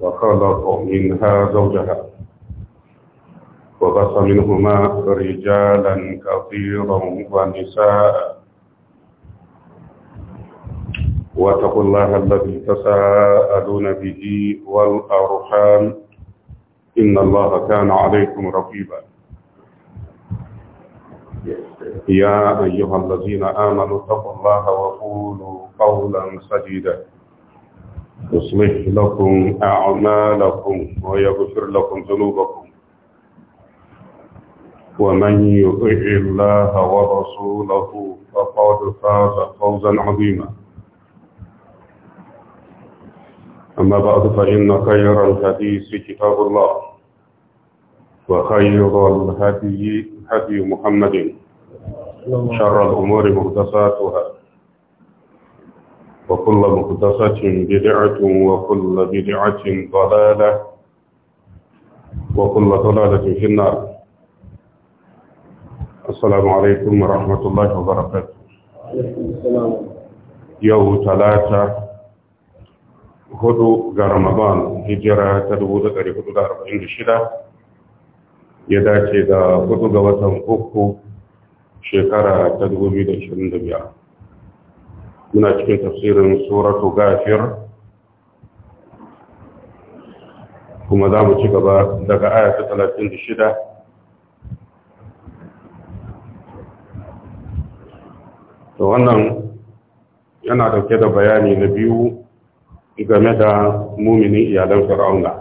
وخلق منها زوجها وبص منهما رجالا كثيرا ونساء واتقوا الله الذي تساءلون به والأرحام إن الله كان عليكم رقيبا يا أيها الذين آمنوا اتقوا الله وقولوا قولا سديدا يصلح لكم أعمالكم ويغفر لكم ذنوبكم ومن يطع الله ورسوله فقد فاز فوزا عظيما أما بعد فإن خير الحديث كتاب الله وخير الهدي هدي محمد شر الأمور مهدساتها وكل مقدسة بدعة وكل بدعة ضلالة وكل ضلالة في النار السلام عليكم ورحمة الله وبركاته يوم ثلاثة هدو رمضان هجرة تدود تاريخ هدو أربعين شدة يداتي دا هدو غوة أكو شكرة تدود بيد 25 muna cikin tafsirin suratu gafir kuma za mu ci gaba daga ayata 36 to wannan yana dauke da bayani na biyu game da muminin iyalan fir'auna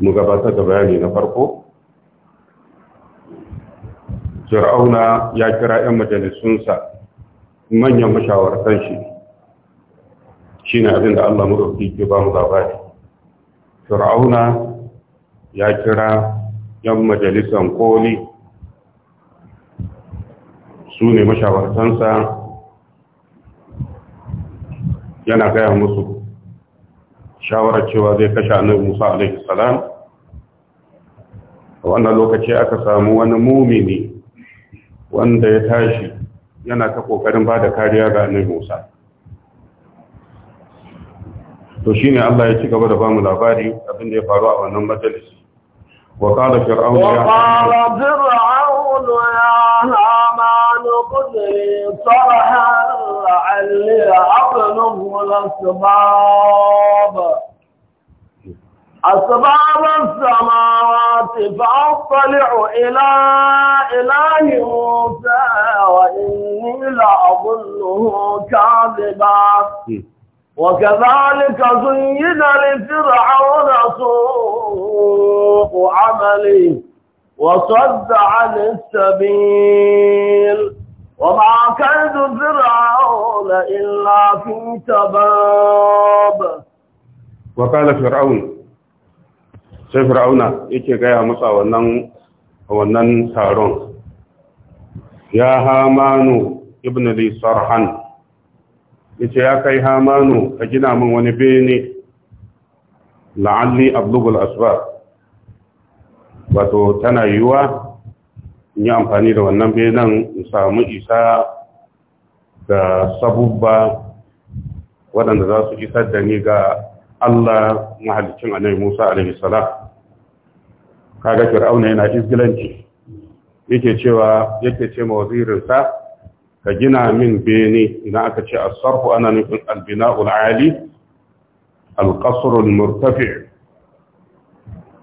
mu gabatar da bayani na farko fir'auna ya kira 'yan majalisunsa manyan mashawartan shi shi ne abin da Allah maɗauki ke ba mu labari fir'auna ya kira yan majalisan koli su ne mashawartansa yana gaya musu shawarar cewa zai kashe annabi Musa alaihi salam a wannan lokaci aka samu wani mumini wanda ya tashi yana ta kokarin ba da kariya ga annabi Musa to shi ne Allah ya ci gaba da bamu labari abin da ya faru a wannan majalisi wa qala fir'aun ya qala fir'aun ya haman qudri فأطلع إلى إله موسى وإني لأظنه كاذبا وكذلك زين لفرعون سوء عمله وصد عن السبيل وما كيد فرعون إلا في تباب وقال فرعون sai fir'auna yake gaya masa wannan wannan taron ya hamanu ibn li sarhan yace ya kai hamanu ka gina min wani bene la'alli ablugul asbab wato tana yiwa in yi amfani da wannan benen in samu isa da sabubba waɗanda za su isar da ni ga Allah mahalicin annabi Musa alaihi salam kaga fir'auna yana izgilanci yake cewa yake ce ma wazirinsa ka gina min bene ina aka ce as-sarfu ana nufin al-bina'ul ali al-qasr al-murtafi'